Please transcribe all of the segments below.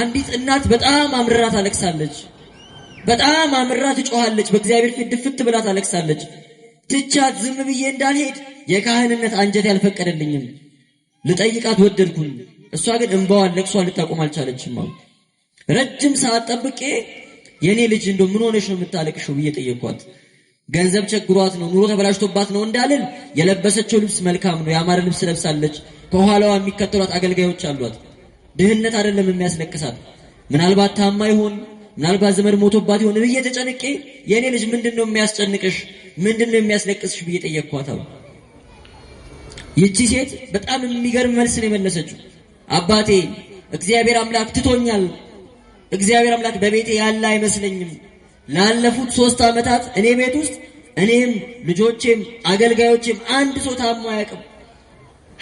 አንዲት እናት በጣም አምርራ ታለቅሳለች። በጣም አምርራ ትጮኻለች። በእግዚአብሔር ፊት ድፍት ብላ ታለቅሳለች። ትቻት ዝም ብዬ እንዳልሄድ የካህንነት አንጀት ያልፈቀደልኝም። ልጠይቃት ወደድኩኝ። እሷ ግን እንባዋን ለቅሷን ልታቆም አልቻለችም። ረጅም ሰዓት ጠብቄ የእኔ ልጅ እንደ ምን ሆነሽ ነው የምታለቅሽው ብዬ ጠየኳት። ገንዘብ ቸግሯት ነው ኑሮ ተበላሽቶባት ነው እንዳልል፣ የለበሰችው ልብስ መልካም ነው፣ ያማረ ልብስ ለብሳለች። ከኋላዋ የሚከተሏት አገልጋዮች አሏት። ድህነት አይደለም የሚያስለቅሳት። ምናልባት ታማ ይሆን ምናልባት ዘመድ ሞቶባት ይሆን ብዬ ተጨንቄ የእኔ ልጅ ምንድን ነው የሚያስጨንቅሽ ምንድን ነው የሚያስለቅስሽ ብዬ ጠየቅኳት። ይቺ ሴት በጣም የሚገርም መልስ ነው የመለሰችው። አባቴ እግዚአብሔር አምላክ ትቶኛል። እግዚአብሔር አምላክ በቤቴ ያለ አይመስለኝም። ላለፉት ሶስት ዓመታት እኔ ቤት ውስጥ እኔም ልጆቼም አገልጋዮቼም አንድ ሰው ታሞ አያውቅም።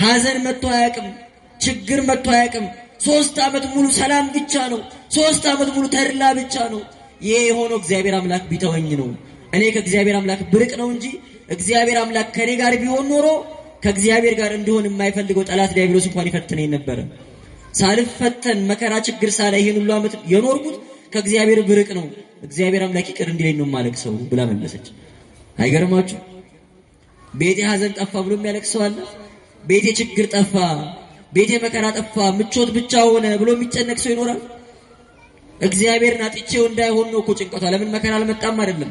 ሐዘን መጥቶ አያውቅም። ችግር መጥቶ አያውቅም። ሶስት ዓመት ሙሉ ሰላም ብቻ ነው። ሶስት ዓመት ሙሉ ተድላ ብቻ ነው። ይሄ የሆነው እግዚአብሔር አምላክ ቢተወኝ ነው። እኔ ከእግዚአብሔር አምላክ ብርቅ ነው እንጂ እግዚአብሔር አምላክ ከኔ ጋር ቢሆን ኖሮ ከእግዚአብሔር ጋር እንዲሆን የማይፈልገው ጠላት ዲያብሎስ እንኳን ይፈትነኝ ነበረ። ሳልፈተን መከራ፣ ችግር ሳላ ይሄን ሁሉ ዓመት የኖርኩት ከእግዚአብሔር ብርቅ ነው። እግዚአብሔር አምላክ ይቅር እንዲለኝ ነው ማለቅ ሰው ብላ መለሰች። አይገርማችሁ? ቤቴ ሀዘን ጠፋ ብሎ የሚያለቅሰው አለ። ቤቴ ችግር ጠፋ ቤቴ መከራ ጠፋ፣ ምቾት ብቻ ሆነ ብሎ የሚጨነቅ ሰው ይኖራል? እግዚአብሔርን አጥቼው እንዳይሆን ነው እኮ ጭንቀቷ። ለምን መከራ አልመጣም አይደለም።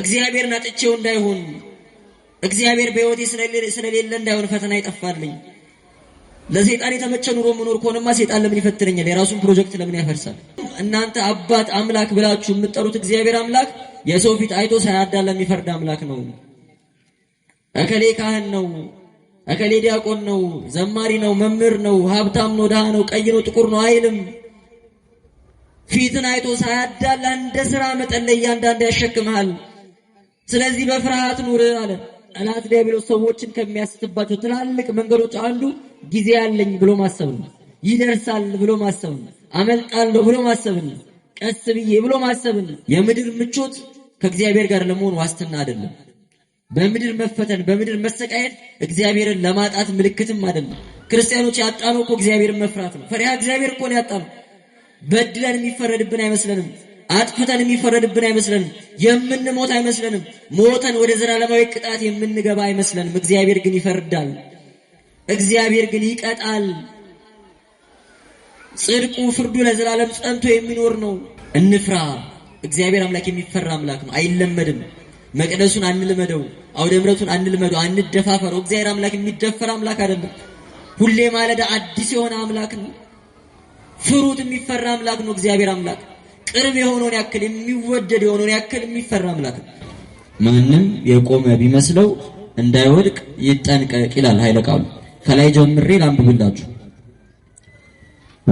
እግዚአብሔርን አጥቼው እንዳይሆን፣ እግዚአብሔር በህይወቴ ስለሌለ እንዳይሆን ፈተና ይጠፋልኝ። ለሰይጣን የተመቸ ኑሮ መኖር ከሆነማ ሰይጣን ለምን ይፈትነኛል? የራሱን ፕሮጀክት ለምን ያፈርሳል? እናንተ አባት አምላክ ብላችሁ የምትጠሩት እግዚአብሔር አምላክ የሰው ፊት አይቶ ሳያዳላ የሚፈርድ አምላክ ነው። እከሌ ካህን ነው እከሌ ዲያቆን ነው፣ ዘማሪ ነው፣ መምህር ነው፣ ሀብታም ነው፣ ድሃ ነው፣ ቀይ ነው፣ ጥቁር ነው አይልም። ፊትን አይቶ ሳያዳላ እንደ ስራ መጠን ለእያንዳንዱ ያሸክምሃል። ስለዚህ በፍርሃት ኑር አለ። ጠላት ዲያብሎስ ሰዎችን ከሚያስትባቸው ትላልቅ መንገዶች አንዱ ጊዜ አለኝ ብሎ ማሰብ ነው። ይደርሳል ብሎ ማሰብ ነው። አመልጣለሁ ብሎ ማሰብ ነው። ቀስ ብዬ ብሎ ማሰብ ነው። የምድር ምቾት ከእግዚአብሔር ጋር ለመሆን ዋስትና አይደለም። በምድር መፈተን በምድር መሰቃየት እግዚአብሔርን ለማጣት ምልክትም አይደለም። ክርስቲያኖች ያጣነው እኮ እግዚአብሔርን መፍራት ነው። ፈሪሃ እግዚአብሔር እኮ ነው ያጣነው። በድለን የሚፈረድብን አይመስለንም። አጥፍተን የሚፈረድብን አይመስለንም። የምንሞት አይመስለንም። ሞተን ወደ ዘላለማዊ ቅጣት የምንገባ አይመስለንም። እግዚአብሔር ግን ይፈርዳል። እግዚአብሔር ግን ይቀጣል። ጽድቁ፣ ፍርዱ ለዘላለም ጸንቶ የሚኖር ነው። እንፍራ። እግዚአብሔር አምላክ የሚፈራ አምላክ ነው። አይለመድም። መቅደሱን አንልመደው፣ አውደ ምረቱን አንልመደው፣ አንደፋፈረው። እግዚአብሔር አምላክ የሚደፈር አምላክ አይደለም። ሁሌ ማለዳ አዲስ የሆነ አምላክ ነው። ፍሩት፣ የሚፈራ አምላክ ነው። እግዚአብሔር አምላክ ቅርብ የሆነውን ያክል የሚወደድ የሆነውን ያክል የሚፈራ አምላክ ነው። ማንም የቆመ ቢመስለው እንዳይወድቅ ይጠንቀቅ ይላል ኃይለ ቃሉ። ከላይ ጀምሬ ላንብብላችሁ።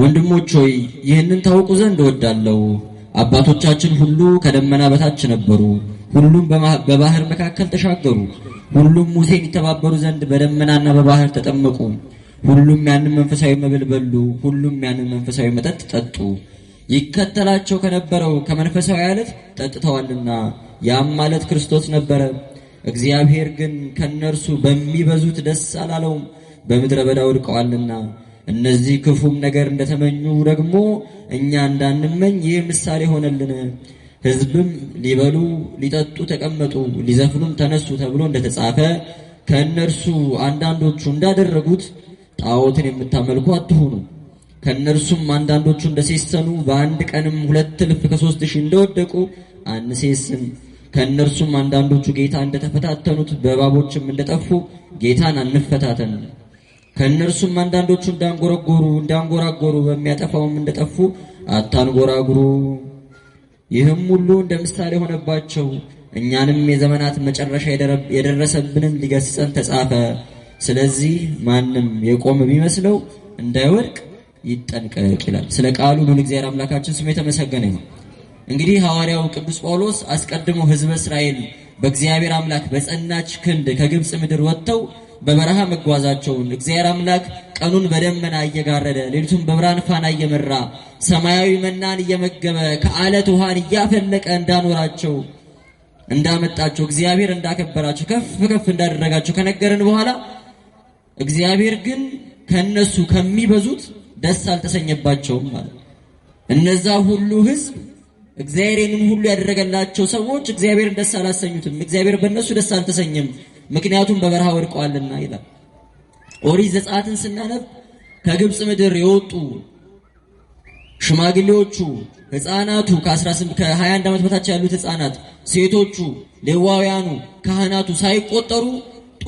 ወንድሞች ሆይ ይህንን ታውቁ ዘንድ እወዳለሁ። አባቶቻችን ሁሉ ከደመና በታች ነበሩ ሁሉም በባህር መካከል ተሻገሩ። ሁሉም ሙሴን ይተባበሩ ዘንድ በደመናና በባህር ተጠመቁ። ሁሉም ያንን መንፈሳዊ መብል በሉ። ሁሉም ያንን መንፈሳዊ መጠጥ ጠጡ። ይከተላቸው ከነበረው ከመንፈሳዊ አለት ጠጥተዋልና፣ ያም ማለት ክርስቶስ ነበረ። እግዚአብሔር ግን ከነርሱ በሚበዙት ደስ አላለውም፣ በምድረ በዳ ወድቀዋልና። እነዚህ ክፉም ነገር እንደተመኙ ደግሞ እኛ እንዳንመኝ ይህ ምሳሌ ሆነልን። ህዝብም ሊበሉ ሊጠጡ ተቀመጡ፣ ሊዘፍኑም ተነሱ ተብሎ እንደተጻፈ ከእነርሱ አንዳንዶቹ እንዳደረጉት ጣዖትን የምታመልኩ አትሁኑ። ከእነርሱም አንዳንዶቹ እንደሴሰኑ በአንድ ቀንም ሁለት እልፍ ከሦስት ሺህ እንደወደቁ አንሴስን። ከእነርሱም አንዳንዶቹ ጌታ እንደተፈታተኑት በእባቦችም እንደጠፉ ጌታን አንፈታተን። ከእነርሱም አንዳንዶቹ እንዳንጎረጎሩ እንዳንጎራጎሩ በሚያጠፋውም እንደጠፉ አታንጎራጉሩ። ይህም ሁሉ እንደ ምሳሌ ሆነባቸው። እኛንም የዘመናት መጨረሻ የደረሰብንን ሊገስጸን ተጻፈ። ስለዚህ ማንም የቆመ ቢመስለው እንዳይወድቅ ይጠንቀቅ ይላል። ስለ ቃሉ ሉል እግዚአብሔር አምላካችን ስሙ የተመሰገነ ይሁን። እንግዲህ ሐዋርያው ቅዱስ ጳውሎስ አስቀድሞ ሕዝበ እስራኤል በእግዚአብሔር አምላክ በጸናች ክንድ ከግብፅ ምድር ወጥተው በበረሃ መጓዛቸውን እግዚአብሔር አምላክ ቀኑን በደመና እየጋረደ ሌሊቱን በብርሃን ፋና እየመራ ሰማያዊ መናን እየመገበ ከአለት ውሃን እያፈለቀ እንዳኖራቸው እንዳመጣቸው እግዚአብሔር እንዳከበራቸው ከፍ ከፍ እንዳደረጋቸው ከነገረን በኋላ እግዚአብሔር ግን ከነሱ ከሚበዙት ደስ አልተሰኘባቸውም ማለት እነዛ ሁሉ ህዝብ እግዚአብሔርንም ሁሉ ያደረገላቸው ሰዎች እግዚአብሔርን ደስ አላሰኙትም። እግዚአብሔር በእነሱ ደስ አልተሰኘም። ምክንያቱም በበረሃ ወድቀዋልና ይላል። ኦሪት ዘጸአትን ስናነብ ከግብጽ ምድር የወጡ ሽማግሌዎቹ፣ ህፃናቱ ከ21 ከ ዓመት በታች ያሉት ህፃናት፣ ሴቶቹ፣ ሌዋውያኑ፣ ካህናቱ ሳይቆጠሩ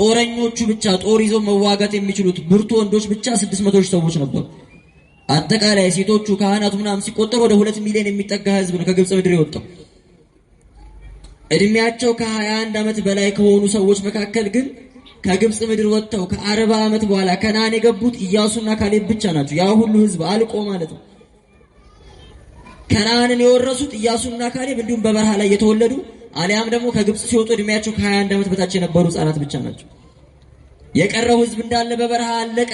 ጦረኞቹ ብቻ ጦር ይዘው መዋጋት የሚችሉት ብርቱ ወንዶች ብቻ 600 ሺህ ሰዎች ነበሩ። አጠቃላይ ሴቶቹ፣ ካህናቱ ምናምን ሲቆጠሩ ወደ ሁለት ሚሊዮን የሚጠጋ ህዝብ ነው ከግብጽ ምድር የወጣው። እድሜያቸው ከ21 ዓመት በላይ ከሆኑ ሰዎች መካከል ግን ከግብፅ ምድር ወጥተው ከአርባ ዓመት በኋላ ከነዓን የገቡት እያሱና ካሌብ ብቻ ናቸው። ያ ሁሉ ህዝብ አልቆ ማለት ነው። ከናንን የወረሱት እያሱና ካሌብ እንዲሁም በበረሃ ላይ የተወለዱ አሊያም ደግሞ ከግብፅ ሲወጡ እድሜያቸው ከ21 ዓመት በታች የነበሩ ህፃናት ብቻ ናቸው። የቀረው ህዝብ እንዳለ በበረሃ አለቀ፣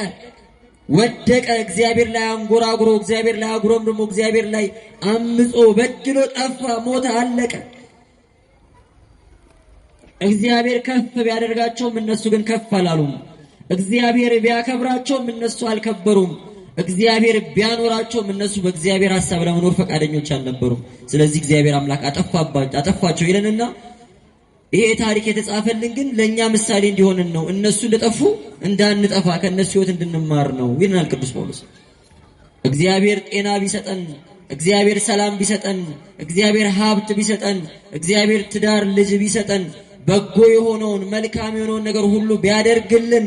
ወደቀ። እግዚአብሔር ላይ አንጎራጉሮ፣ እግዚአብሔር ላይ አጉረምርሞ፣ እግዚአብሔር ላይ አምጾ በድሎ ጠፋ፣ ሞተ፣ አለቀ። እግዚአብሔር ከፍ ቢያደርጋቸውም እነሱ ግን ከፍ አላሉም። እግዚአብሔር ቢያከብራቸውም እነሱ አልከበሩም። እግዚአብሔር ቢያኖራቸውም እነሱ በእግዚአብሔር ሐሳብ ለመኖር ፈቃደኞች አልነበሩም። ስለዚህ እግዚአብሔር አምላክ አጠፋቸው ይለንና ይሄ ታሪክ የተጻፈልን ግን ለኛ ምሳሌ እንዲሆንን ነው። እነሱ እንደጠፉ እንዳንጠፋ ከነሱ ህይወት እንድንማር ነው ይለናል ቅዱስ ጳውሎስ። እግዚአብሔር ጤና ቢሰጠን፣ እግዚአብሔር ሰላም ቢሰጠን፣ እግዚአብሔር ሀብት ቢሰጠን፣ እግዚአብሔር ትዳር ልጅ ቢሰጠን በጎ የሆነውን መልካም የሆነውን ነገር ሁሉ ቢያደርግልን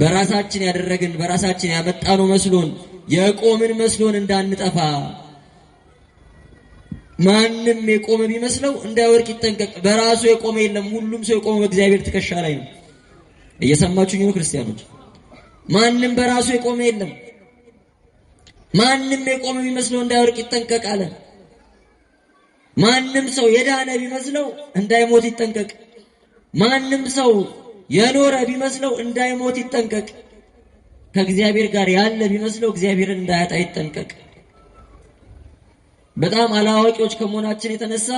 በራሳችን ያደረግን በራሳችን ያመጣነው መስሎን የቆምን መስሎን እንዳንጠፋ ማንም የቆመ ቢመስለው እንዳይወድቅ ይጠንቀቅ። በራሱ የቆመ የለም። ሁሉም ሰው የቆመ በእግዚአብሔር ትከሻ ላይ ነው። እየሰማችሁኝ ነው ክርስቲያኖች? ማንም በራሱ የቆመ የለም። ማንም የቆመ ቢመስለው እንዳይወርቅ ይጠንቀቅ ማንም ሰው የዳነ ቢመስለው እንዳይሞት ይጠንቀቅ። ማንም ሰው የኖረ ቢመስለው እንዳይሞት ይጠንቀቅ። ከእግዚአብሔር ጋር ያለ ቢመስለው እግዚአብሔርን እንዳያጣ ይጠንቀቅ። በጣም አላዋቂዎች ከመሆናችን የተነሳ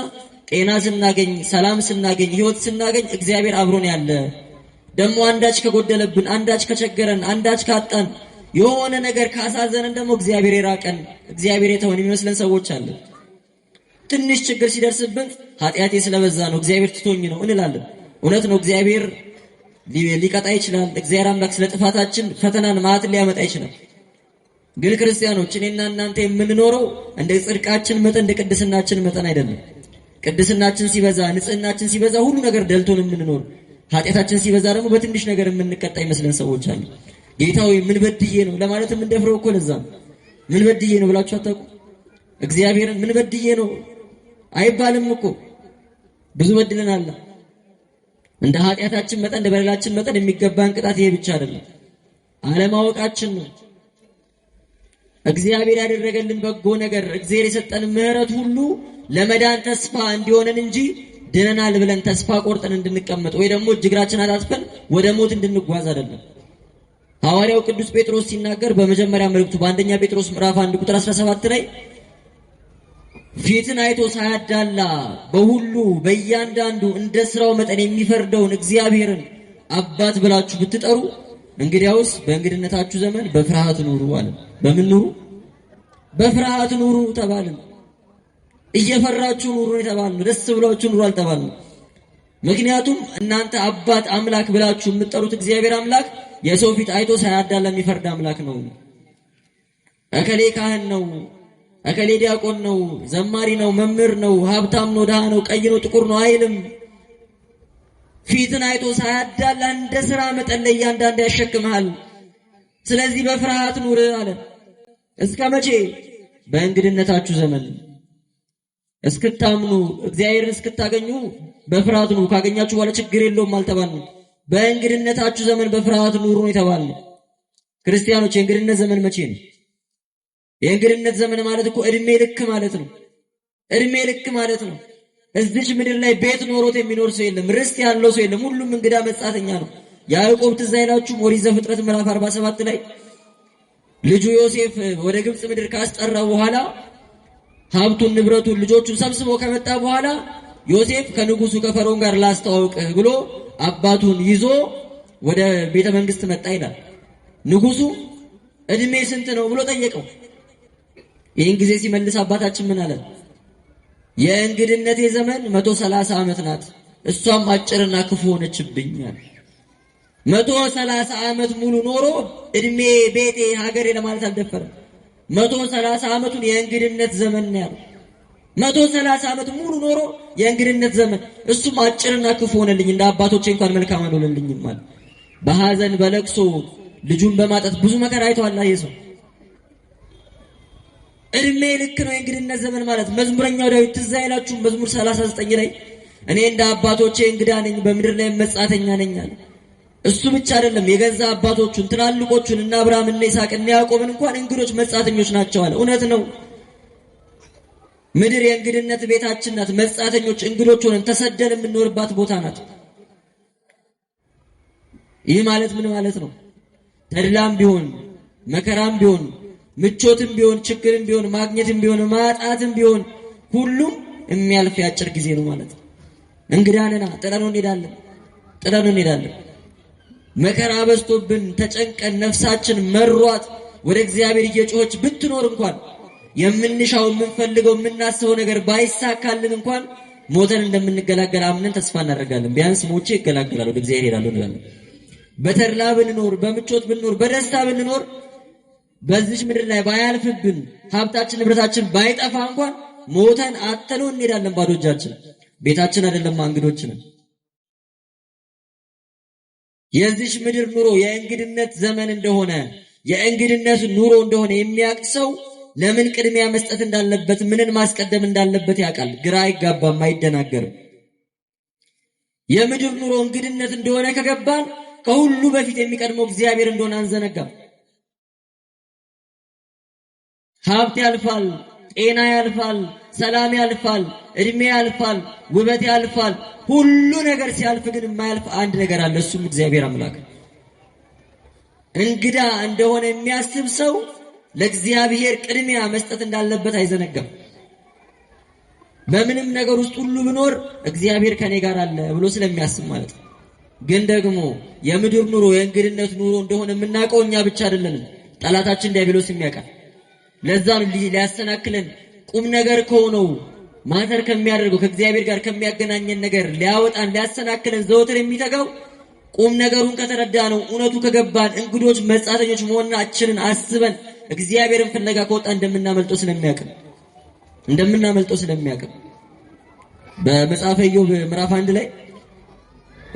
ጤና ስናገኝ፣ ሰላም ስናገኝ፣ ህይወት ስናገኝ እግዚአብሔር አብሮን ያለ ደግሞ አንዳች ከጎደለብን፣ አንዳች ከቸገረን፣ አንዳች ካጣን፣ የሆነ ነገር ካሳዘነን ደግሞ እግዚአብሔር የራቀን እግዚአብሔር የተወን የሚመስለን ሰዎች አለን። ትንሽ ችግር ሲደርስብን ኃጢአቴ ስለበዛ ነው እግዚአብሔር ትቶኝ ነው እንላለን። እውነት ነው፣ እግዚአብሔር ሊቀጣ ይችላል። እግዚአብሔር አምላክ ስለ ጥፋታችን ፈተናን ማዕትን ሊያመጣ ይችላል። ግን ክርስቲያኖች፣ እኔና እናንተ የምንኖረው እንደ ጽድቃችን መጠን እንደ ቅድስናችን መጠን አይደለም። ቅድስናችን ሲበዛ፣ ንጽህናችን ሲበዛ ሁሉ ነገር ደልቶን የምንኖር ኃጢአታችን ሲበዛ ደግሞ በትንሽ ነገር የምንቀጣ ይመስለን ሰዎች አሉ። ጌታዊ ምን በድዬ ነው ለማለት የምንደፍረው እኮ ለዛ ምን በድዬ ነው ብላችሁ አታውቁ። እግዚአብሔርን ምን በድዬ ነው አይባልም እኮ ብዙ አለ እንደ ኃጢአታችን መጠን እንደ በደላችን መጠን የሚገባን ቅጣት ይሄ ብቻ አይደለም፣ አለማወቃችን ነው። እግዚአብሔር ያደረገልን በጎ ነገር እግዚአብሔር የሰጠን ምህረት ሁሉ ለመዳን ተስፋ እንዲሆነን እንጂ ድነናል ብለን ተስፋ ቆርጠን እንድንቀመጥ ወይ ደግሞ እጅግራችን አጣጥፈን ወደ ሞት እንድንጓዝ አይደለም። ሐዋርያው ቅዱስ ጴጥሮስ ሲናገር በመጀመሪያ መልእክቱ በአንደኛ ጴጥሮስ ምዕራፍ 1 ቁጥር 17 ላይ ፊትን አይቶ ሳያዳላ በሁሉ በእያንዳንዱ እንደ ስራው መጠን የሚፈርደውን እግዚአብሔርን አባት ብላችሁ ብትጠሩ እንግዲያውስ በእንግድነታችሁ ዘመን በፍርሃት ኑሩ አለ። በምን ኑሩ? በፍርሃት ኑሩ ተባልን። እየፈራችሁ ኑሩ የተባልን፣ ደስ ብሏችሁ ኑሩ አልተባልን። ምክንያቱም እናንተ አባት አምላክ ብላችሁ የምትጠሩት እግዚአብሔር አምላክ የሰው ፊት አይቶ ሳያዳላ የሚፈርድ አምላክ ነው። እከሌ ካህን ነው እከሌ ዲያቆን ነው፣ ዘማሪ ነው፣ መምህር ነው፣ ሀብታም ነው፣ ድሃ ነው፣ ቀይ ነው፣ ጥቁር ነው አይልም። ፊትን አይቶ ሳያዳላ እንደ ስራ መጠን ለእያንዳንዱ ያሸክምሃል። ስለዚህ በፍርሃት ኑር አለ። እስከ መቼ? በእንግድነታችሁ ዘመን እስክታምኑ እግዚአብሔርን እስክታገኙ በፍርሃት ኑሩ። ካገኛችሁ በኋላ ችግር የለውም አልተባልንም። በእንግድነታችሁ ዘመን በፍርሃት ኑሩ ነው የተባልነው። ክርስቲያኖች የእንግድነት ዘመን መቼ ነው? የእንግድነት ዘመን ማለት እኮ እድሜ ልክ ማለት ነው። እድሜ ልክ ማለት ነው። እዚች ምድር ላይ ቤት ኖሮት የሚኖር ሰው የለም። ርስት ያለው ሰው የለም። ሁሉም እንግዳ መጻተኛ ነው። ያዕቆብ ትዝ አይላችሁም? ኦሪት ዘፍጥረት ምዕራፍ 47 ላይ ልጁ ዮሴፍ ወደ ግብፅ ምድር ካስጠራው በኋላ ሀብቱን፣ ንብረቱን፣ ልጆቹን ሰብስቦ ከመጣ በኋላ ዮሴፍ ከንጉሱ ከፈርዖን ጋር ላስተዋውቅህ ብሎ አባቱን ይዞ ወደ ቤተ መንግስት መጣ ይላል። ንጉሱ እድሜ ስንት ነው ብሎ ጠየቀው። ይህን ጊዜ ሲመልስ አባታችን ምን አለን? የእንግድነት ዘመን መቶ ሰላሳ ዓመት ናት፣ እሷም አጭርና ክፉ ሆነችብኛል። መቶ ሰላሳ ዓመት ሙሉ ኖሮ እድሜ ቤቴ ሀገሬ ለማለት አልደፈረም። መቶ ሰላሳ ዓመቱን የእንግድነት ዘመን ነው ያለው። መቶ ሰላሳ ዓመት ሙሉ ኖሮ የእንግድነት ዘመን እሱም አጭርና ክፉ ሆነልኝ፣ እንደ አባቶቼ እንኳን መልካም አልሆነልኝም። በሀዘን በለቅሶ ልጁን በማጣት ብዙ መከራ አይተዋል ይሄ ሰው። እድሜ ልክ ነው የእንግድነት ዘመን ማለት። መዝሙረኛው ዳዊት ትዝ አይላችሁ? መዝሙር 39 ላይ እኔ እንደ አባቶቼ እንግዳ ነኝ፣ በምድር ላይ መጻተኛ ነኝ አለ። እሱ ብቻ አይደለም የገዛ አባቶቹን ትላልቆቹን እና አብርሃም እና ይስሐቅ እና ያዕቆብን እንኳን እንግዶች መጻተኞች ናቸው አለ። እውነት ነው። ምድር የእንግድነት ቤታችን ናት። መጻተኞች እንግዶች ሆነን ተሰደን የምንኖርባት ቦታ ናት። ይህ ማለት ምን ማለት ነው? ተድላም ቢሆን መከራም ቢሆን ምቾትም ቢሆን ችግርም ቢሆን ማግኘትም ቢሆን ማጣትም ቢሆን ሁሉም የሚያልፍ የአጭር ጊዜ ነው ማለት ነው። እንግዳንና ጥለኑ እንሄዳለን፣ ጥለኑ እንሄዳለን። መከራ በዝቶብን ተጨንቀን ነፍሳችን መሯት ወደ እግዚአብሔር እየጮኸች ብትኖር እንኳን የምንሻው የምንፈልገው የምናስበው ነገር ባይሳካልን እንኳን ሞተን እንደምንገላገል አምነን ተስፋ እናደርጋለን። ቢያንስ ሞቼ ይገላገላል ወደ እግዚአብሔር ሄዳለሁ እንላለን። በተድላ ብንኖር፣ በምቾት ብንኖር፣ በደስታ ብንኖር በዚች ምድር ላይ ባያልፍብን ሀብታችን ንብረታችን ባይጠፋ እንኳን ሞተን አተሎ እንሄዳለን ባዶ እጃችን። ቤታችን አይደለም እንግዶች ነን። የዚች ምድር ኑሮ የእንግድነት ዘመን እንደሆነ የእንግድነት ኑሮ እንደሆነ የሚያውቅ ሰው ለምን ቅድሚያ መስጠት እንዳለበት ምንን ማስቀደም እንዳለበት ያውቃል። ግራ አይጋባም፣ አይደናገርም። የምድር ኑሮ እንግድነት እንደሆነ ከገባን ከሁሉ በፊት የሚቀድመው እግዚአብሔር እንደሆነ አንዘነጋም። ሀብት ያልፋል፣ ጤና ያልፋል፣ ሰላም ያልፋል፣ እድሜ ያልፋል፣ ውበት ያልፋል። ሁሉ ነገር ሲያልፍ ግን የማያልፍ አንድ ነገር አለ። እሱም እግዚአብሔር አምላክ። እንግዳ እንደሆነ የሚያስብ ሰው ለእግዚአብሔር ቅድሚያ መስጠት እንዳለበት አይዘነጋም። በምንም ነገር ውስጥ ሁሉ ብኖር እግዚአብሔር ከኔ ጋር አለ ብሎ ስለሚያስብ ማለት ነው። ግን ደግሞ የምድር ኑሮ የእንግድነት ኑሮ እንደሆነ የምናውቀው እኛ ብቻ አይደለንም፣ ጠላታችን ዲያብሎስ የሚያውቃል። ለዛ ነው ሊያሰናክለን ቁም ነገር ከሆነው ማተር ከሚያደርገው ከእግዚአብሔር ጋር ከሚያገናኘን ነገር ሊያወጣን ሊያሰናክለን ዘወትር የሚተጋው ቁም ነገሩን ከተረዳ ነው። እውነቱ ከገባን እንግዶች መጻተኞች መሆናችንን አስበን እግዚአብሔርን ፍለጋ ከወጣ እንደምናመልጠው ስለሚያቅም እንደምናመልጦ ስለሚያቅም በመጽሐፈ ኢዮብ ምዕራፍ አንድ ላይ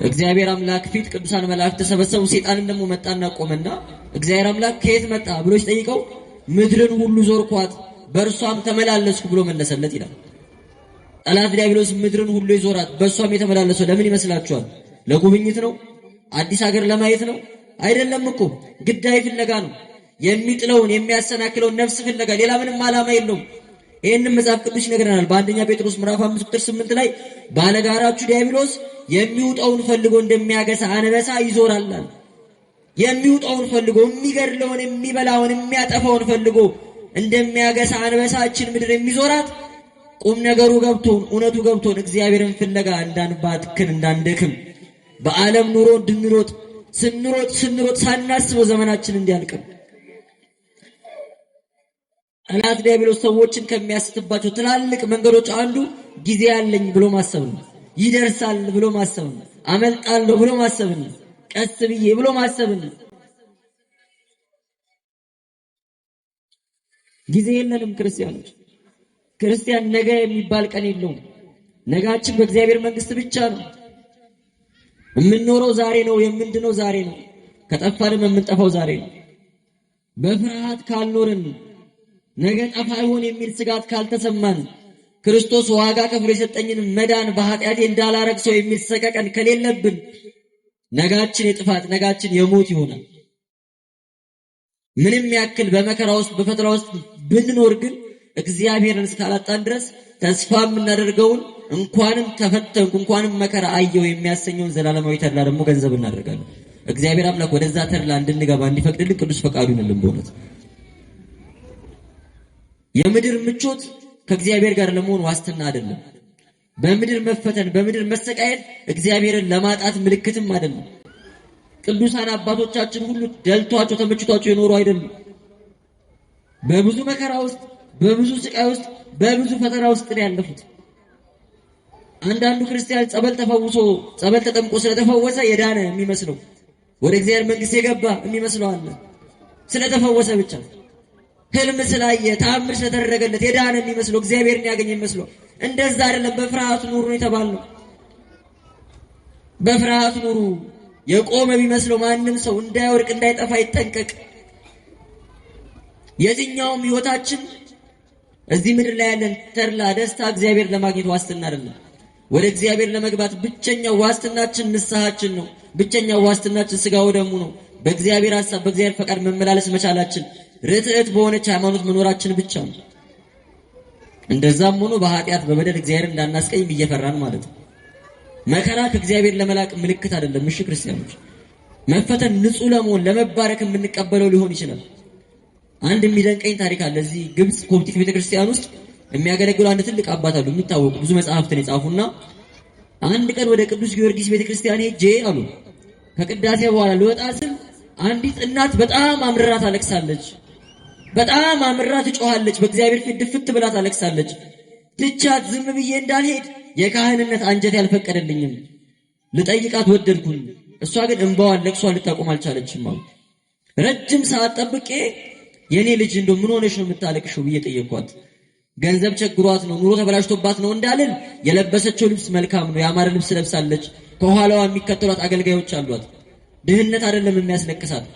እግዚአብሔር አምላክ ፊት ቅዱሳን መላእክት ተሰበሰቡ። ሴጣንም ደግሞ መጣና ቆመና እግዚአብሔር አምላክ ከየት መጣ ብሎ ሲጠይቀው ምድርን ሁሉ ዞርኳት በእርሷም ተመላለስኩ ብሎ መለሰለት ይላል። ጠላት ዲያብሎስ ምድርን ሁሉ ይዞራት በእሷም የተመላለሰው ለምን ይመስላችኋል? ለጉብኝት ነው? አዲስ ሀገር ለማየት ነው? አይደለም እኮ ግዳይ ፍለጋ ነው። የሚጥለውን የሚያሰናክለውን ነፍስ ፍለጋ፣ ሌላ ምንም ዓላማ የለውም። ይህንን መጽሐፍ ቅዱስ ይነግረናል። በአንደኛ ጴጥሮስ ምዕራፍ 5 ቁጥር 8 ላይ ባለጋራችሁ ዲያብሎስ የሚውጠውን ፈልጎ እንደሚያገሳ አንበሳ ይዞራላል። የሚውጠውን ፈልጎ የሚገድለውን የሚበላውን የሚያጠፋውን ፈልጎ እንደሚያገሳ አንበሳችን ምድር የሚዞራት ቁም ነገሩ ገብቶን እውነቱ ገብቶን እግዚአብሔርን ፍለጋ እንዳንባክን እንዳንደክም በዓለም ኑሮ እንድንሮጥ ስንሮጥ ስንሮጥ ሳናስበው ዘመናችን እንዲያልቅም ጠላት ዲያብሎስ ሰዎችን ከሚያስትባቸው ትላልቅ መንገዶች አንዱ ጊዜ አለኝ ብሎ ማሰብ ነው። ይደርሳል ብሎ ማሰብ ነው። አመልጣለሁ ብሎ ማሰብ ነው። ቀስ ብዬ ብሎ ማሰብን ጊዜ የለንም ክርስቲያኖች። ክርስቲያን ነገ የሚባል ቀን የለውም። ነጋችን በእግዚአብሔር መንግስት ብቻ ነው። የምንኖረው ዛሬ ነው። የምንድነው ዛሬ ነው። ከጠፋንም የምንጠፋው ዛሬ ነው። በፍርሃት ካልኖርን፣ ነገ ጠፋ ይሆን የሚል ስጋት ካልተሰማን፣ ክርስቶስ ዋጋ ከፍሎ የሰጠኝን መዳን በኃጢአቴ እንዳላረግ ሰው የሚል ሰቀቀን ከሌለብን ነጋችን የጥፋት ነጋችን የሞት ይሆናል። ምንም ያክል በመከራ ውስጥ በፈተና ውስጥ ብንኖር ግን እግዚአብሔርን እስካላጣን ድረስ ተስፋ የምናደርገውን እንኳንም ተፈተንኩ እንኳንም መከራ አየው የሚያሰኘውን ዘላለማዊ ተድላ ደግሞ ገንዘብ እናደርጋለን። እግዚአብሔር አምላክ ወደዛ ተድላ እንድንገባ እንዲፈቅድልን ቅዱስ ፈቃዱ ይሁንልን። በእውነት የምድር ምቾት ከእግዚአብሔር ጋር ለመሆን ዋስትና አይደለም። በምድር መፈተን፣ በምድር መሰቃየት እግዚአብሔርን ለማጣት ምልክትም አይደለም። ቅዱሳን አባቶቻችን ሁሉ ደልቷቸው ተመችቷቸው የኖሩ አይደሉም። በብዙ መከራ ውስጥ፣ በብዙ ስቃይ ውስጥ፣ በብዙ ፈተና ውስጥ ነው ያለፉት። አንዳንዱ ክርስቲያን ጸበል ተፈውሶ ጸበል ተጠምቆ ስለተፈወሰ የዳነ የሚመስለው ወደ እግዚአብሔር መንግስት የገባ የሚመስለው አለ። ስለተፈወሰ ብቻ ህልም ስላየ ተአምር ስለተደረገለት የዳነ የሚመስለው እግዚአብሔርን ያገኘ የሚመስለው እንደዛ አይደለም። በፍርሃት ኑሩ የተባለው በፍርሃት ኑሩ። የቆመ ቢመስለው ማንም ሰው እንዳይወርቅ እንዳይጠፋ ይጠንቀቅ። የትኛውም ህይወታችን እዚህ ምድር ላይ ያለን ተድላ ደስታ እግዚአብሔር ለማግኘት ዋስትና አይደለም። ወደ እግዚአብሔር ለመግባት ብቸኛው ዋስትናችን ንስሐችን ነው። ብቸኛው ዋስትናችን ስጋ ወደሙ ነው። በእግዚአብሔር ሀሳብ በእግዚአብሔር ፈቃድ መመላለስ መቻላችን ርትዕት በሆነች ሃይማኖት መኖራችን ብቻ ነው። እንደዛም ሆኖ በኃጢአት በበደል እግዚአብሔር እንዳናስቀይም እየፈራን ማለት ነው። መከራ ከእግዚአብሔር ለመላቅ ምልክት አይደለም። እሺ ክርስቲያኖች፣ መፈተን ንጹህ ለመሆን ለመባረክ የምንቀበለው ሊሆን ይችላል። አንድ የሚደንቀኝ ታሪክ አለ። እዚህ ግብጽ ኮፕቲክ ቤተክርስቲያን ውስጥ የሚያገለግሉ አንድ ትልቅ አባት አሉ፣ የሚታወቁ ብዙ መጽሐፍትን የጻፉና አንድ ቀን ወደ ቅዱስ ጊዮርጊስ ቤተክርስቲያን ሄጄ አሉ ከቅዳሴ በኋላ ልወጣ ስል አንዲት እናት በጣም አምርራ ታለቅሳለች። በጣም አምራ ትጮሃለች በእግዚአብሔር ፊት ድፍት ብላ ታለቅሳለች። ትቻት ዝም ብዬ እንዳልሄድ የካህንነት አንጀት ያልፈቀደልኝም። ልጠይቃት ወደድኩኝ። እሷ ግን እንባዋን ለቅሷ ልታቆም አልቻለችም። ረጅም ሰዓት ጠብቄ የእኔ ልጅ እንደ ምን ሆነሽ ነው የምታለቅሽው ብዬ ጠየኳት። ገንዘብ ቸግሯት ነው ኑሮ ተበላሽቶባት ነው እንዳልል የለበሰችው ልብስ መልካም ነው፣ ያማረ ልብስ ለብሳለች። ከኋላዋ የሚከተሏት አገልጋዮች አሏት። ድህነት አይደለም የሚያስለቅሳት።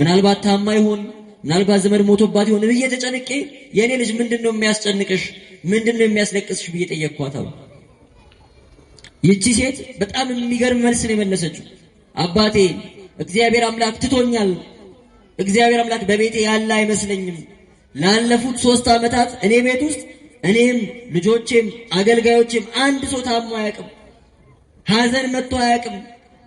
ምናልባት ታማ ይሆን ምናልባት ዘመድ ሞቶባት ይሆን ብዬ ተጨንቄ የእኔ ልጅ ምንድን ነው የሚያስጨንቅሽ? ምንድን ነው የሚያስለቅስሽ ብዬ ጠየቅኳት። ይቺ ሴት በጣም የሚገርም መልስ ነው የመለሰችው። አባቴ እግዚአብሔር አምላክ ትቶኛል። እግዚአብሔር አምላክ በቤቴ ያለ አይመስለኝም። ላለፉት ሶስት ዓመታት እኔ ቤት ውስጥ እኔም ልጆቼም አገልጋዮቼም አንድ ሰው ታሞ አያውቅም። ሐዘን መጥቶ አያውቅም።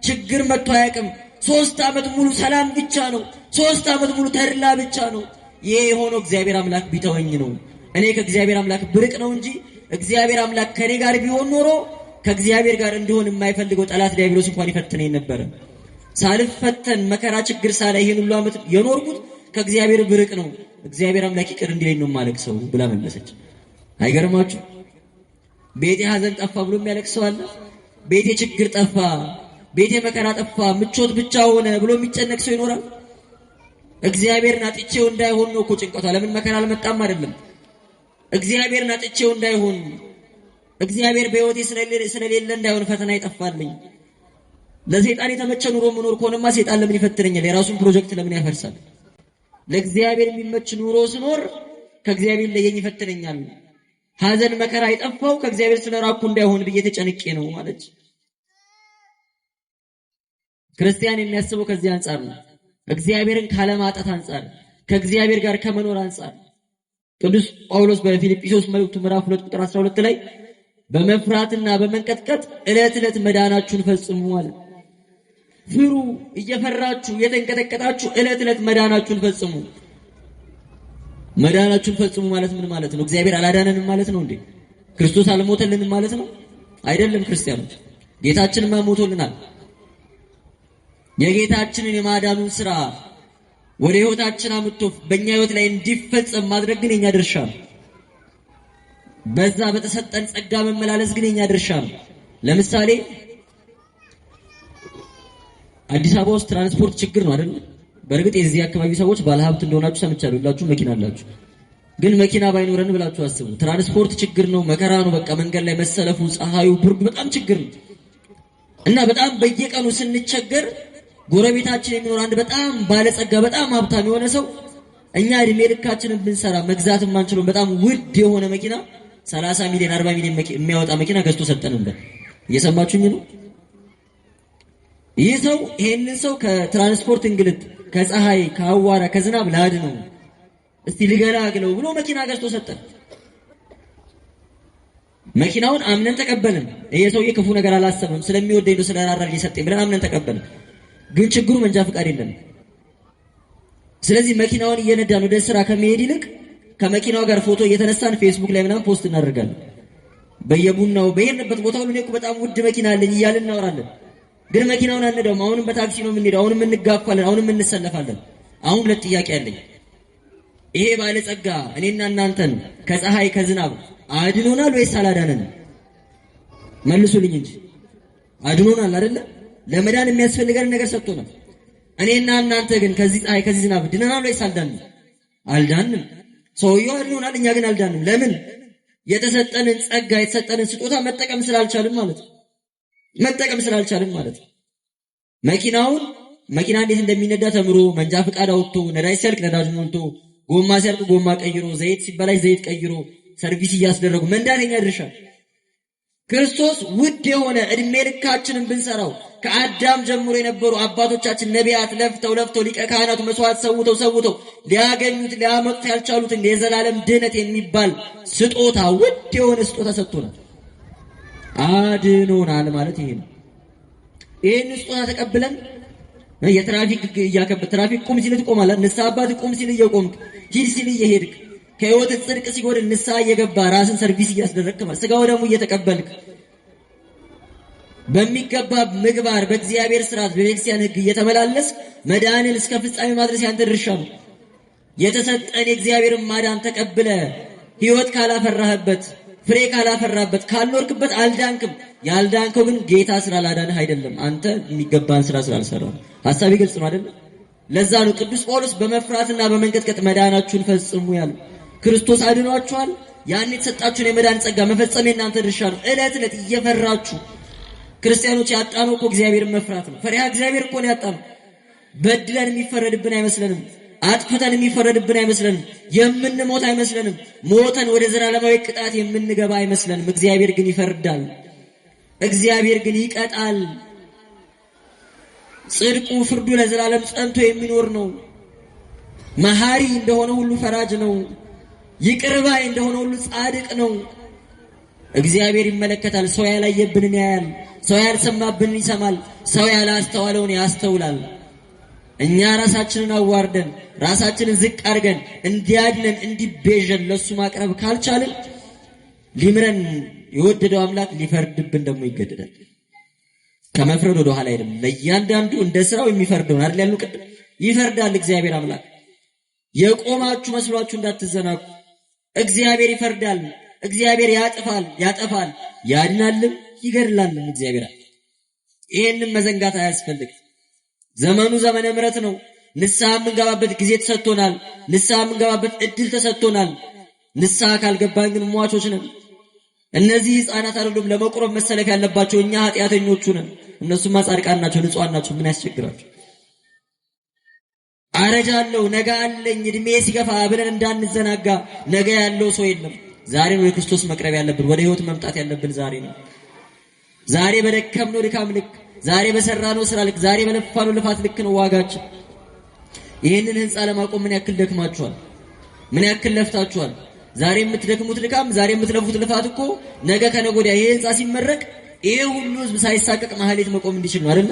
ችግር መጥቶ አያውቅም። ሶስት ዓመት ሙሉ ሰላም ብቻ ነው። ሶስት ዓመት ሙሉ ተድላ ብቻ ነው። ይሄ የሆነው እግዚአብሔር አምላክ ቢተወኝ ነው። እኔ ከእግዚአብሔር አምላክ ብርቅ ነው እንጂ እግዚአብሔር አምላክ ከኔ ጋር ቢሆን ኖሮ ከእግዚአብሔር ጋር እንዲሆን የማይፈልገው ጠላት ዲያብሎስ እንኳን ይፈትነኝ ነበረ። ሳልፈተን መከራ ችግር ሳላ ይሄን ሁሉ ዓመት የኖርኩት ከእግዚአብሔር ብርቅ ነው። እግዚአብሔር አምላክ ይቅር እንዲለኝ ነው ማለቅ ሰው ብላ መለሰች። አይገርማችሁ? ቤቴ ሀዘን ጠፋ ብሎ የሚያለቅሰው አለ። ቤቴ ችግር ጠፋ ቤቴ መቀን አጠፋ፣ ምቾት ብቻ ሆነ ብሎ የሚጨነቅ ሰው ይኖራል? እግዚአብሔርን አጥቼው እንዳይሆን ነው እኮ ጭንቀቷ። ለምን መከራ አልመጣም አይደለም። እግዚአብሔርን አጥቼው እንዳይሆን፣ እግዚአብሔር በህይወቴ ስለሌለ እንዳይሆን ፈተና ይጠፋልኝ። ለሰይጣን የተመቸ ኑሮ መኖር ከሆነማ ሰይጣን ለምን ይፈትነኛል? የራሱን ፕሮጀክት ለምን ያፈርሳል? ለእግዚአብሔር የሚመች ኑሮ ስኖር ከእግዚአብሔር ለየኝ ይፈትነኛል። ሀዘን መከራ የጠፋው ከእግዚአብሔር ስለራኩ እንዳይሆን ብዬ ተጨንቄ ነው ማለች። ክርስቲያን የሚያስበው ከዚህ አንጻር ነው። እግዚአብሔርን ካለማጣት አንጻር፣ ከእግዚአብሔር ጋር ከመኖር አንጻር ቅዱስ ጳውሎስ በፊልጵሶስ መልእክቱ ምዕራፍ 2 ቁጥር 12 ላይ በመፍራትና በመንቀጥቀጥ ዕለት ዕለት መዳናችሁን ፈጽሙ አለ። ፍሩ፣ እየፈራችሁ እየተንቀጠቀጣችሁ ዕለት ዕለት መዳናችሁን ፈጽሙ። መዳናችሁን ፈጽሙ ማለት ምን ማለት ነው? እግዚአብሔር አላዳነንም ማለት ነው እንዴ? ክርስቶስ አልሞተልንም ማለት ነው? አይደለም። ክርስቲያኖች ጌታችን ሞቶልናል። የጌታችንን የማዳኑን ስራ ወደ ህይወታችን አምጥቶ በእኛ ህይወት ላይ እንዲፈጸም ማድረግ ግን የኛ ድርሻ ነው። በዛ በተሰጠን ጸጋ መመላለስ ግን የኛ ድርሻ ነው። ለምሳሌ አዲስ አበባ ውስጥ ትራንስፖርት ችግር ነው አይደል? በእርግጥ የዚህ አካባቢ ሰዎች ባለሀብት እንደሆናችሁ ሰምቻለሁ። ሁላችሁ መኪና አላችሁ። ግን መኪና ባይኖረን ብላችሁ አስቡ። ትራንስፖርት ችግር ነው፣ መከራ ነው። በቃ መንገድ ላይ መሰለፉ፣ ፀሐዩ፣ ብርዱ በጣም ችግር ነው እና በጣም በየቀኑ ስንቸገር ጎረቤታችን የሚኖር አንድ በጣም ባለጸጋ በጣም ሀብታም የሆነ ሰው እኛ እድሜ ልካችንን ብንሰራ መግዛት የማንችለውን በጣም ውድ የሆነ መኪና 30 ሚሊዮን 40 ሚሊዮን የሚያወጣ መኪና ገዝቶ ሰጠንበት። እየሰማችሁኝ ነው። ይህ ሰው ይሄንን ሰው ከትራንስፖርት እንግልት፣ ከፀሐይ፣ ከአዋራ፣ ከዝናብ ላድ ነው እስቲ ልገላግለው ብሎ መኪና ገዝቶ ሰጠን። መኪናውን አምነን ተቀበልን። ይሄ ሰውዬ ክፉ ነገር አላሰበም ስለሚወደኝ ነው ስለራራ እየሰጠኝ ብለን አምነን ተቀበልን። ግን ችግሩ መንጃ ፈቃድ የለም። ስለዚህ መኪናውን እየነዳን ወደ ስራ ከመሄድ ይልቅ ከመኪናው ጋር ፎቶ እየተነሳን ፌስቡክ ላይ ምናምን ፖስት እናደርጋለን። በየቡናው በሄድንበት ቦታ ሁሉ እኮ በጣም ውድ መኪና አለኝ እያልን እናወራለን። ግን መኪናውን አንደውም። አሁንም በታክሲ ነው የምንሄደው። አሁንም እንጋፋለን፣ አሁንም እንሰለፋለን። አሁን ሁለት ጥያቄ አለኝ። ይሄ ባለጸጋ እኔና እናንተን ከፀሐይ ከዝናብ አድኖናል ወይስ አላዳነን? መልሱልኝ እንጂ አድኖናል አይደለም? ለመዳን የሚያስፈልገን ነገር ሰጥቶናል። እኔና እናንተ ግን ከዚህ ፀሐይ ከዚህ ዝናብ ድነናል ወይስ አልዳንም? አልዳንም። ሰውየው አድኖናል፣ እኛ ግን አልዳንም። ለምን? የተሰጠንን ጸጋ የተሰጠንን ስጦታ መጠቀም ስላልቻልም ማለት ነው። መጠቀም ስላልቻልም ማለት ነው። መኪናውን መኪና እንዴት እንደሚነዳ ተምሮ መንጃ ፈቃድ አውጥቶ ነዳጅ ሲያልቅ ነዳጅ ሞልቶ ጎማ ሲያልቅ ጎማ ቀይሮ ዘይት ሲበላሽ ዘይት ቀይሮ ሰርቪስ እያስደረጉ መንዳት የኛ ድርሻ። ክርስቶስ ውድ የሆነ እድሜ ልካችንን ብንሰራው ከአዳም ጀምሮ የነበሩ አባቶቻችን ነቢያት ለፍተው ለፍተው ሊቀ ካህናቱ መስዋዕት ሰውተው ሰውተው ሊያገኙት ሊያመጡት ያልቻሉትን የዘላለም ድህነት የሚባል ስጦታ ውድ የሆነ ስጦታ ሰጥቶናል። አድኖናል ማለት ይሄ ነው። ይህን ስጦታ ተቀብለን የትራፊክ እያከበ ትራፊክ ቁም ሲል ትቆማለ። ንስሐ አባት ቁም ሲል እየቆምክ ሂድ ሲል እየሄድክ ከህይወት ጽድቅ ሲጎድል ንስሐ እየገባ ራስን ሰርቪስ እያስደረግክ ስጋው ደግሞ እየተቀበልክ በሚገባ ምግባር በእግዚአብሔር ስርዓት በቤተክርስቲያን ሕግ እየተመላለስ መዳንን እስከ ፍጻሜ ማድረስ ያንተ ድርሻ ነው። የተሰጠን የእግዚአብሔርን ማዳን ተቀብለ ህይወት ካላፈራህበት ፍሬ ካላፈራበት ካልኖርክበት አልዳንክም። ያልዳንከው ግን ጌታ ስላላዳንህ አይደለም፣ አንተ የሚገባን ስራ ስላልሰራ ሀሳቢ ግልጽ ነው አይደለም? ለዛ ነው ቅዱስ ጳውሎስ በመፍራትና በመንቀጥቀጥ መዳናችሁን ፈጽሙ ያሉ። ክርስቶስ አድኗችኋል። ያን የተሰጣችሁን የመዳን ጸጋ መፈጸም የእናንተ ድርሻ ነው። እለት እለት እየፈራችሁ ክርስቲያኖች ያጣነው እኮ እግዚአብሔርን መፍራት ነው። ፈሪሃ እግዚአብሔር እኮ ነው ያጣነው። በድለን የሚፈረድብን አይመስለንም። አጥፍተን የሚፈረድብን አይመስለንም። የምንሞት አይመስለንም። ሞተን ወደ ዘላለማዊ ቅጣት የምንገባ አይመስለንም። እግዚአብሔር ግን ይፈርዳል። እግዚአብሔር ግን ይቀጣል። ጽድቁ፣ ፍርዱ ለዘላለም ጸንቶ የሚኖር ነው። መሐሪ እንደሆነ ሁሉ ፈራጅ ነው። ይቅርባይ እንደሆነ ሁሉ ጻድቅ ነው። እግዚአብሔር ይመለከታል። ሰው ያላየብንን ያያል። ሰው ያልሰማብንን ይሰማል፣ ሰው ያላስተዋለውን ያስተውላል። እኛ ራሳችንን አዋርደን ራሳችንን ዝቅ አድርገን እንዲያድነን እንዲቤዠን ለሱ ማቅረብ ካልቻልን ሊምረን የወደደው አምላክ ሊፈርድብን ደግሞ ይገደዳል። ከመፍረድ ወደ ኋላ አይደለም። ለእያንዳንዱ እንደ ስራው የሚፈርደውን አይደል ያሉ ቅድም ይፈርዳል እግዚአብሔር አምላክ። የቆማችሁ መስሏችሁ እንዳትዘናጉ። እግዚአብሔር ይፈርዳል። እግዚአብሔር ያጥፋል ያጠፋል ያድናልም ይገድላል እግዚአብሔር። ይህንም መዘንጋት አያስፈልግ። ዘመኑ ዘመነ ምሕረት ነው። ንስሐ የምንገባበት ጊዜ ተሰጥቶናል። ንስሐ የምንገባበት እድል ተሰጥቶናል። ንስሐ ካልገባን ግን ሟቾች ነን። እነዚህ ህፃናት አይደሉም ለመቁረብ መሰለፍ ያለባቸው እኛ ኃጢአተኞቹ ነን። እነሱማ ጻድቃን ናቸው፣ ንጹሐን ናቸው። ምን ያስቸግራቸው? አረጃለሁ፣ ነገ አለኝ፣ እድሜ ሲገፋ ብለን እንዳንዘናጋ። ነገ ያለው ሰው የለም። ዛሬ ነው የክርስቶስ መቅረብ ያለብን፣ ወደ ህይወት መምጣት ያለብን ዛሬ ነው። ዛሬ በደከምነው ድካም ልክ፣ ዛሬ በሰራነው ስራ ልክ፣ ዛሬ በለፋነው ልፋት ልክ ነው ዋጋችን። ይህንን ህንፃ ለማቆም ምን ያክል ደክማችኋል? ምን ያክል ለፍታችኋል? ዛሬ የምትደክሙት ልካም፣ ዛሬ የምትለፉት ልፋት እኮ ነገ ከነጎዳ ይሄ ህንፃ ሲመረቅ ይሄ ሁሉ ህዝብ ሳይሳቀቅ ማህሌት መቆም እንዲችል ነው አይደል?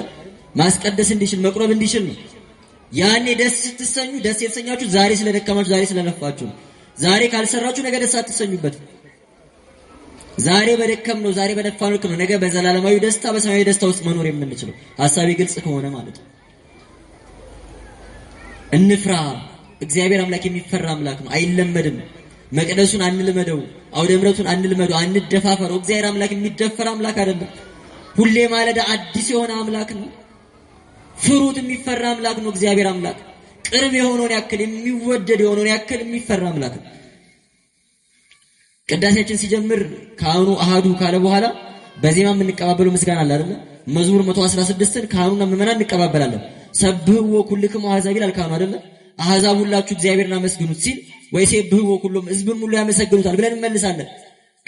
ማስቀደስ እንዲችል መቁረብ እንዲችል ነው። ያኔ ደስ ስትሰኙ ደስ የተሰኛችሁ ዛሬ ስለደከማችሁ፣ ዛሬ ስለለፋችሁ። ዛሬ ካልሰራችሁ ነገ ደስ አትሰኙበት። ዛሬ በደከም ነው፣ ዛሬ በደፋን ልክ ነው ነገ በዘላለማዊ ደስታ በሰማያዊ ደስታ ውስጥ መኖር የምንችለው ሀሳቢ ግልጽ ከሆነ ማለት ነው። እንፍራ። እግዚአብሔር አምላክ የሚፈራ አምላክ ነው። አይለመድም። መቅደሱን አንልመደው፣ አውደ ምረቱን አንልመደው፣ አንደፋፈረው። እግዚአብሔር አምላክ የሚደፈር አምላክ አይደለም። ሁሌ ማለዳ አዲስ የሆነ አምላክ ነው። ፍሩት። የሚፈራ አምላክ ነው እግዚአብሔር አምላክ ቅርብ የሆነውን ያክል የሚወደድ የሆነውን ያክል የሚፈራ አምላክ ነው። ቅዳሴያችን ሲጀምር ካህኑ አሃዱ ካለ በኋላ በዜማ የምንቀባበለው ምስጋና አለ አይደል? መዝሙር 116ን ካህኑና ምዕመናን እንቀባበላለን። ሰብህዎ ኩልክሙ አሕዛብ ይላል ካህኑ አይደል? አሕዛብ ሁላችሁ እግዚአብሔርን አመስግኑት ሲል ወይ ሰብህዎ ኩሎም ህዝብን ሙሉ ያመሰግኑታል ብለን እንመልሳለን።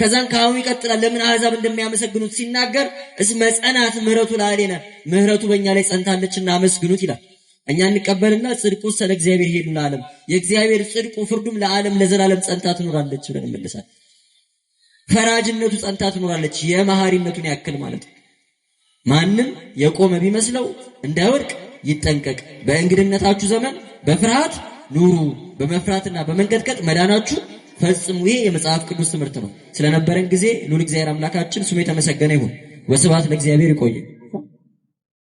ከዛን ካህኑ ይቀጥላል ለምን አሕዛብ እንደሚያመሰግኑት ሲናገር እስመ ጸናት ምህረቱ ለአሌነ ምህረቱ በእኛ ላይ ጸንታለችና አመስግኑት ይላል። እኛ እንቀበልና ጽድቁ ስለ እግዚአብሔር ሄዱ ለዓለም የእግዚአብሔር ጽድቁ ፍርዱም ለዓለም ለዘላለም ጸንታ ትኖራለች ብለን እንመልሳለን። ፈራጅነቱ ጸንታ ትኖራለች። የመሐሪነቱን ያክል ማለት ነው። ማንም የቆመ ቢመስለው እንዳይወድቅ ይጠንቀቅ። በእንግድነታችሁ ዘመን በፍርሃት ኑሩ፣ በመፍራትና በመንቀጥቀጥ መዳናችሁ ፈጽሙ። ይሄ የመጽሐፍ ቅዱስ ትምህርት ነው። ስለነበረን ጊዜ ሉል እግዚአብሔር አምላካችን ስሙ የተመሰገነ ይሁን። ወስብሐት ለእግዚአብሔር። ይቆየ